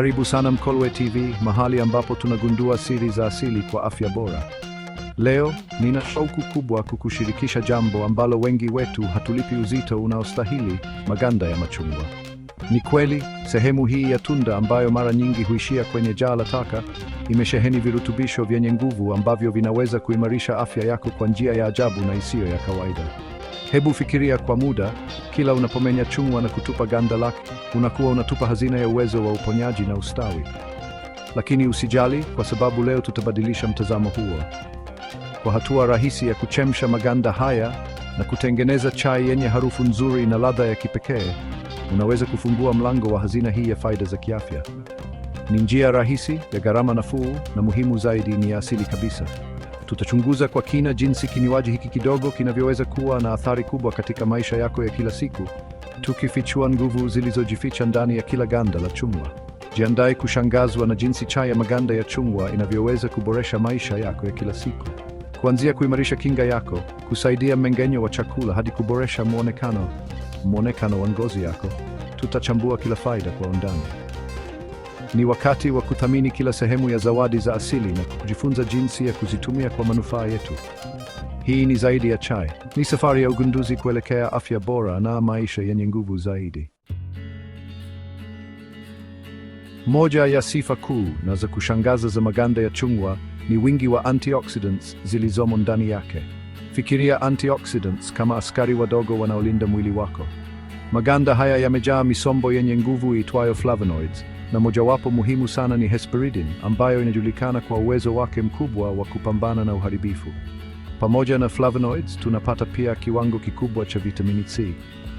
Karibu sana Mkolwe TV, mahali ambapo tunagundua siri za asili kwa afya bora. Leo nina shauku kubwa kukushirikisha jambo ambalo wengi wetu hatulipi uzito unaostahili: maganda ya machungwa. Ni kweli, sehemu hii ya tunda ambayo mara nyingi huishia kwenye jaa la taka imesheheni virutubisho vyenye nguvu ambavyo vinaweza kuimarisha afya yako kwa njia ya ajabu na isiyo ya kawaida. Hebu fikiria kwa muda, kila unapomenya chungwa na kutupa ganda lake, unakuwa unatupa hazina ya uwezo wa uponyaji na ustawi. Lakini usijali, kwa sababu leo tutabadilisha mtazamo huo kwa hatua rahisi ya kuchemsha maganda haya na kutengeneza chai yenye harufu nzuri na ladha ya kipekee. Unaweza kufungua mlango wa hazina hii ya faida za kiafya. Ni njia rahisi ya gharama nafuu, na muhimu zaidi, ni ya asili kabisa. Tutachunguza kwa kina jinsi kinywaji hiki kidogo kinavyoweza kuwa na athari kubwa katika maisha yako ya kila siku, tukifichua nguvu zilizojificha ndani ya kila ganda la chungwa. Jiandae kushangazwa na jinsi chai ya maganda ya chungwa inavyoweza kuboresha maisha yako ya kila siku, kuanzia kuimarisha kinga yako, kusaidia mmeng'enyo wa chakula hadi kuboresha mwonekano mwonekano wa ngozi yako. Tutachambua kila faida kwa undani. Ni wakati wa kuthamini kila sehemu ya zawadi za asili na kujifunza jinsi ya kuzitumia kwa manufaa yetu. Hii ni zaidi ya chai, ni safari ya ugunduzi kuelekea afya bora na maisha yenye nguvu zaidi. Moja ya sifa kuu na za kushangaza za maganda ya chungwa ni wingi wa antioxidants zilizomo ndani yake. Fikiria antioxidants kama askari wadogo wanaolinda mwili wako. Maganda haya yamejaa misombo yenye nguvu iitwayo flavonoids na mojawapo muhimu sana ni Hesperidin ambayo inajulikana kwa uwezo wake mkubwa wa kupambana na uharibifu. Pamoja na flavonoids, tunapata pia kiwango kikubwa cha vitamini C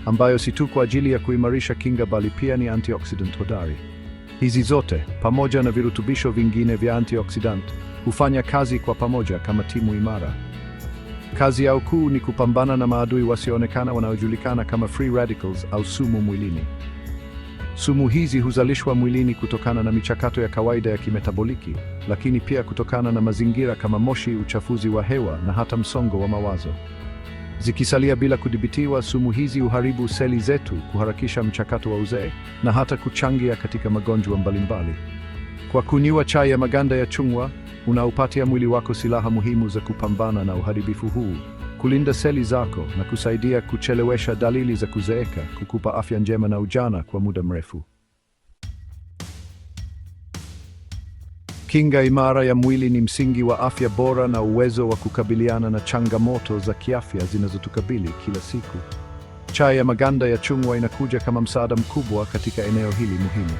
ambayo si tu kwa ajili ya kuimarisha kinga bali pia ni antioxidant hodari. Hizi zote pamoja na virutubisho vingine vya antioxidant hufanya kazi kwa pamoja kama timu imara. Kazi yao kuu ni kupambana na maadui wasioonekana wanaojulikana kama free radicals au sumu mwilini. Sumu hizi huzalishwa mwilini kutokana na michakato ya kawaida ya kimetaboliki, lakini pia kutokana na mazingira kama moshi, uchafuzi wa hewa na hata msongo wa mawazo. Zikisalia bila kudhibitiwa, sumu hizi huharibu seli zetu, kuharakisha mchakato wa uzee na hata kuchangia katika magonjwa mbalimbali. Kwa kunywa chai ya maganda ya chungwa, unaupatia mwili wako silaha muhimu za kupambana na uharibifu huu kulinda seli zako na kusaidia kuchelewesha dalili za kuzeeka, kukupa afya njema na ujana kwa muda mrefu. Kinga imara ya mwili ni msingi wa afya bora na uwezo wa kukabiliana na changamoto za kiafya zinazotukabili kila siku. Chai ya maganda ya chungwa inakuja kama msaada mkubwa katika eneo hili muhimu.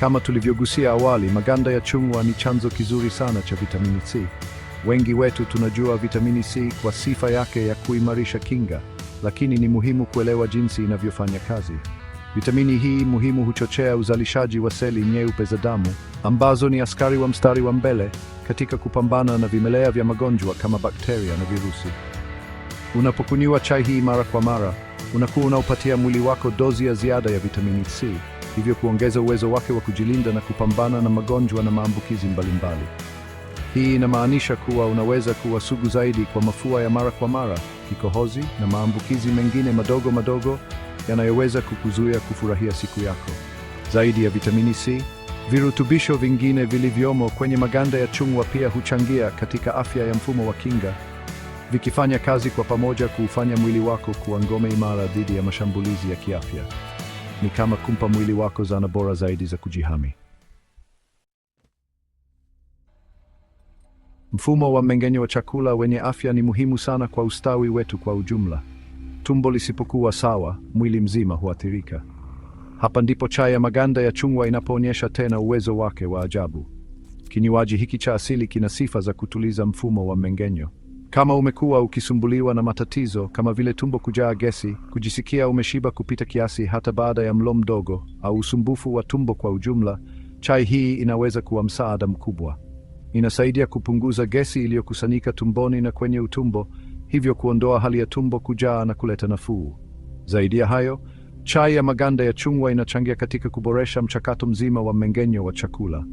Kama tulivyogusia awali, maganda ya chungwa ni chanzo kizuri sana cha vitamini C. Wengi wetu tunajua vitamini C kwa sifa yake ya kuimarisha kinga, lakini ni muhimu kuelewa jinsi inavyofanya kazi. Vitamini hii e muhimu huchochea uzalishaji wa seli nyeupe za damu ambazo ni askari wa mstari wa mbele katika kupambana na vimelea vya magonjwa kama bakteria na virusi. Unapokunywa chai hii mara kwa mara, unakuwa unaupatia mwili wako dozi ya ziada ya vitamini C, hivyo kuongeza uwezo wake wa kujilinda na kupambana na magonjwa na maambukizi mbalimbali. Hii inamaanisha kuwa unaweza kuwa sugu zaidi kwa mafua ya mara kwa mara, kikohozi na maambukizi mengine madogo madogo yanayoweza kukuzuia kufurahia siku yako. Zaidi ya vitamini C, virutubisho vingine vilivyomo kwenye maganda ya chungwa pia huchangia katika afya ya mfumo wa kinga, vikifanya kazi kwa pamoja kuufanya mwili wako kuwa ngome imara dhidi ya mashambulizi ya kiafya. Ni kama kumpa mwili wako zana bora zaidi za kujihami. Mfumo wa mmeng'enyo wa chakula wenye afya ni muhimu sana kwa ustawi wetu kwa ujumla. Tumbo lisipokuwa sawa, mwili mzima huathirika. Hapa ndipo chai ya maganda ya chungwa inapoonyesha tena uwezo wake wa ajabu. Kinywaji hiki cha asili kina sifa za kutuliza mfumo wa mmeng'enyo. Kama umekuwa ukisumbuliwa na matatizo kama vile tumbo kujaa gesi, kujisikia umeshiba kupita kiasi hata baada ya mlo mdogo, au usumbufu wa tumbo kwa ujumla, chai hii inaweza kuwa msaada mkubwa. Inasaidia kupunguza gesi iliyokusanyika tumboni na kwenye utumbo, hivyo kuondoa hali ya tumbo kujaa na kuleta nafuu. Zaidi ya hayo, chai ya maganda ya chungwa inachangia katika kuboresha mchakato mzima wa mmeng'enyo wa chakula.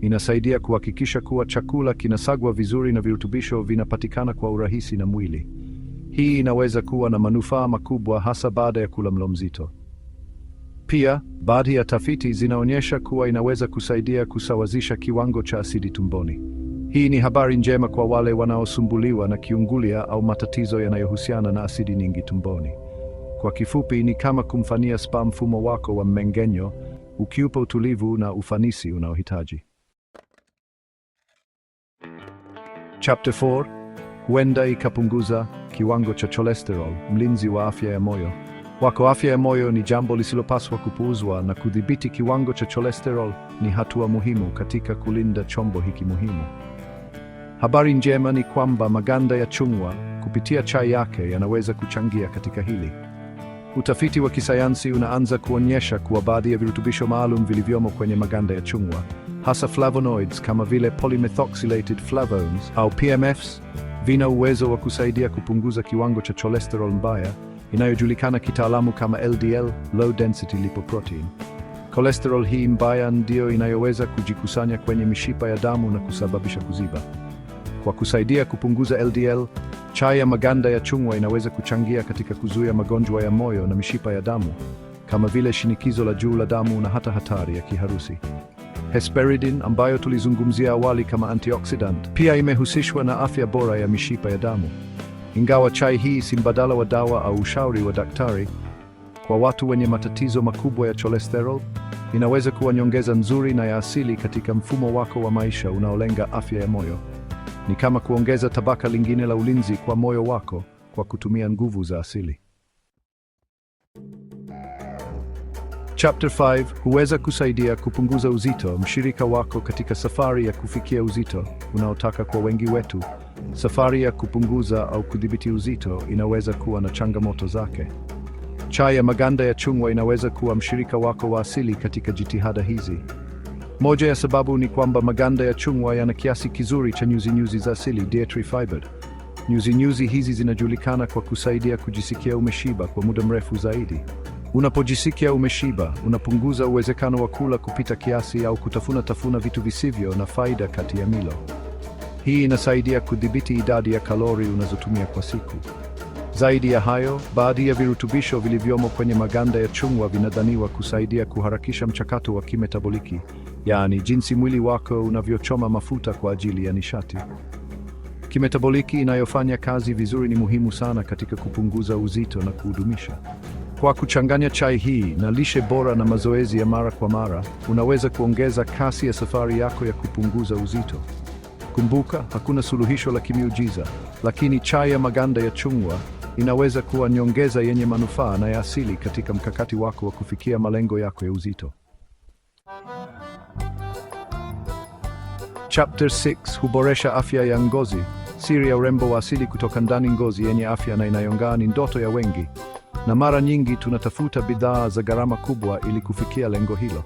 Inasaidia kuhakikisha kuwa chakula kinasagwa vizuri na virutubisho vinapatikana kwa urahisi na mwili. Hii inaweza kuwa na manufaa makubwa hasa baada ya kula mlo mzito. Pia baadhi ya tafiti zinaonyesha kuwa inaweza kusaidia kusawazisha kiwango cha asidi tumboni. Hii ni habari njema kwa wale wanaosumbuliwa na kiungulia au matatizo yanayohusiana na asidi nyingi tumboni. Kwa kifupi, ni kama kumfanyia spa mfumo wako wa mmeng'enyo, ukiupa utulivu na ufanisi unaohitaji. Chapter 4 huenda ikapunguza kiwango cha cholesterol, mlinzi wa afya ya moyo wako. Afya ya moyo ni jambo lisilopaswa kupuuzwa, na kudhibiti kiwango cha cholesterol ni hatua muhimu katika kulinda chombo hiki muhimu. Habari njema ni kwamba maganda ya chungwa kupitia chai yake yanaweza kuchangia katika hili. Utafiti wa kisayansi unaanza kuonyesha kuwa baadhi ya virutubisho maalum vilivyomo kwenye maganda ya chungwa, hasa flavonoids kama vile polymethoxylated flavones au PMFs, vina uwezo wa kusaidia kupunguza kiwango cha cholesterol mbaya inayojulikana kitaalamu kama LDL, low density lipoprotein. Kolesterol hii mbaya ndiyo inayoweza kujikusanya kwenye mishipa ya damu na kusababisha kuziba. Kwa kusaidia kupunguza LDL, chai ya maganda ya chungwa inaweza kuchangia katika kuzuia magonjwa ya moyo na mishipa ya damu kama vile shinikizo la juu la damu na hata hatari ya kiharusi. Hesperidin ambayo tulizungumzia awali kama antioxidant pia imehusishwa na afya bora ya mishipa ya damu. Ingawa chai hii si mbadala wa dawa au ushauri wa daktari, kwa watu wenye matatizo makubwa ya cholesterol, inaweza kuwa nyongeza nzuri na ya asili katika mfumo wako wa maisha unaolenga afya ya moyo. Ni kama kuongeza tabaka lingine la ulinzi kwa moyo wako kwa kutumia nguvu za asili. Chapter 5 huweza kusaidia kupunguza uzito mshirika wako katika safari ya kufikia uzito unaotaka. Kwa wengi wetu, safari ya kupunguza au kudhibiti uzito inaweza kuwa na changamoto zake. Chai ya maganda ya chungwa inaweza kuwa mshirika wako wa asili katika jitihada hizi. Moja ya sababu ni kwamba maganda ya chungwa yana kiasi kizuri cha nyuzinyuzi za asili, dietary fiber. Nyuzinyuzi hizi zinajulikana kwa kusaidia kujisikia umeshiba kwa muda mrefu zaidi. Unapojisikia umeshiba, unapunguza uwezekano wa kula kupita kiasi au kutafuna tafuna vitu visivyo na faida kati ya milo. Hii inasaidia kudhibiti idadi ya kalori unazotumia kwa siku. Zaidi ya hayo, baadhi ya virutubisho vilivyomo kwenye maganda ya chungwa vinadhaniwa kusaidia kuharakisha mchakato wa kimetaboliki, yaani jinsi mwili wako unavyochoma mafuta kwa ajili ya nishati. Kimetaboliki inayofanya kazi vizuri ni muhimu sana katika kupunguza uzito na kuudumisha kwa kuchanganya chai hii na lishe bora na mazoezi ya mara kwa mara, unaweza kuongeza kasi ya safari yako ya kupunguza uzito. Kumbuka, hakuna suluhisho la kimiujiza, lakini chai ya maganda ya chungwa inaweza kuwa nyongeza yenye manufaa na ya asili katika mkakati wako wa kufikia malengo yako ya uzito. Chapter 6: huboresha afya ya ngozi. Siri ya urembo wa asili kutoka ndani. Ngozi yenye afya na inayong'aa ni ndoto ya wengi, na mara nyingi tunatafuta bidhaa za gharama kubwa ili kufikia lengo hilo.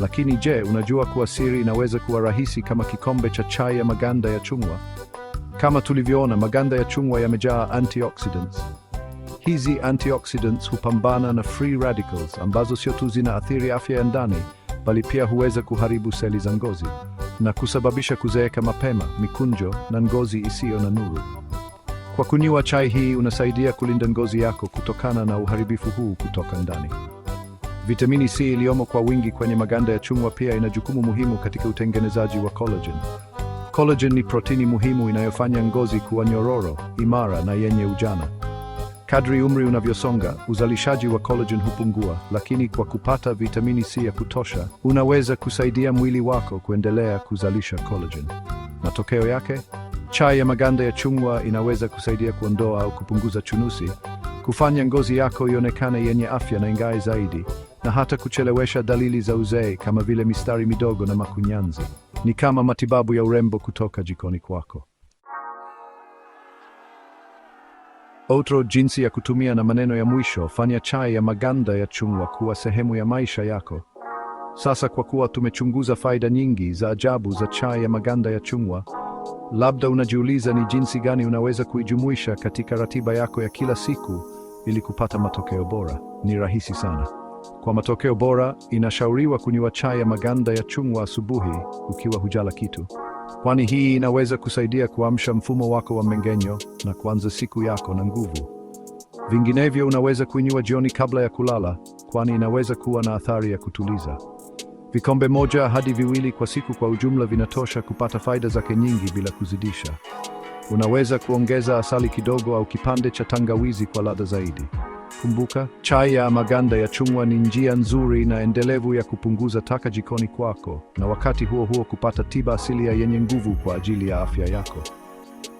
Lakini je, unajua kuwa siri inaweza kuwa rahisi kama kikombe cha chai ya maganda ya chungwa? Kama tulivyoona, maganda ya chungwa yamejaa antioxidants. Hizi antioxidants hupambana na free radicals ambazo sio tu zinaathiri afya ya ndani, bali pia huweza kuharibu seli za ngozi na kusababisha kuzeeka mapema, mikunjo na ngozi isiyo na nuru. Kwa kunywa chai hii unasaidia kulinda ngozi yako kutokana na uharibifu huu kutoka ndani. Vitamini C iliyomo kwa wingi kwenye maganda ya chungwa pia ina jukumu muhimu katika utengenezaji wa collagen. Collagen ni protini muhimu inayofanya ngozi kuwa nyororo, imara na yenye ujana. Kadri umri unavyosonga, uzalishaji wa collagen hupungua, lakini kwa kupata vitamini C ya kutosha, unaweza kusaidia mwili wako kuendelea kuzalisha collagen. Matokeo yake Chai ya maganda ya chungwa inaweza kusaidia kuondoa au kupunguza chunusi, kufanya ngozi yako ionekane yenye afya na ingae zaidi, na hata kuchelewesha dalili za uzee kama vile mistari midogo na makunyanzi. Ni kama matibabu ya urembo kutoka jikoni kwako. Outro, jinsi ya kutumia na maneno ya mwisho. Fanya chai ya maganda ya chungwa kuwa sehemu ya maisha yako. Sasa, kwa kuwa tumechunguza faida nyingi za ajabu za chai ya maganda ya chungwa Labda unajiuliza ni jinsi gani unaweza kuijumuisha katika ratiba yako ya kila siku ili kupata matokeo bora. Ni rahisi sana. Kwa matokeo bora, inashauriwa kunywa chai ya maganda ya chungwa asubuhi ukiwa hujala kitu, kwani hii inaweza kusaidia kuamsha mfumo wako wa mmeng'enyo na kuanza siku yako na nguvu. Vinginevyo, unaweza kunywa jioni kabla ya kulala, kwani inaweza kuwa na athari ya kutuliza. Vikombe moja hadi viwili kwa siku kwa ujumla vinatosha kupata faida zake nyingi bila kuzidisha. Unaweza kuongeza asali kidogo au kipande cha tangawizi kwa ladha zaidi. Kumbuka, chai ya maganda ya chungwa ni njia nzuri na endelevu ya kupunguza taka jikoni kwako na wakati huo huo kupata tiba asilia yenye nguvu kwa ajili ya afya yako.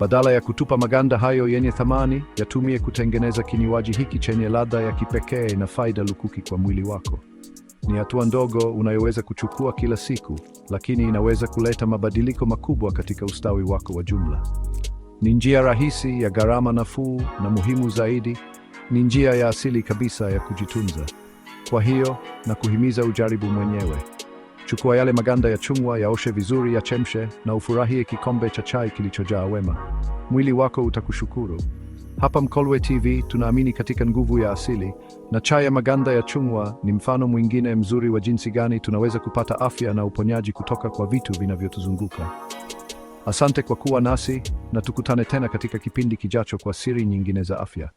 Badala ya kutupa maganda hayo yenye thamani, yatumie kutengeneza kinywaji hiki chenye ladha ya kipekee na faida lukuki kwa mwili wako. Ni hatua ndogo unayoweza kuchukua kila siku, lakini inaweza kuleta mabadiliko makubwa katika ustawi wako wa jumla. Ni njia rahisi, ya gharama nafuu, na muhimu zaidi, ni njia ya asili kabisa ya kujitunza. Kwa hiyo, na kuhimiza ujaribu mwenyewe. Chukua yale maganda ya chungwa, yaoshe vizuri, yachemshe, na ufurahie kikombe cha chai kilichojaa wema. Mwili wako utakushukuru. Hapa Mkolwe TV tunaamini katika nguvu ya asili, na chai ya maganda ya chungwa ni mfano mwingine mzuri wa jinsi gani tunaweza kupata afya na uponyaji kutoka kwa vitu vinavyotuzunguka. Asante kwa kuwa nasi na tukutane tena katika kipindi kijacho kwa siri nyingine za afya.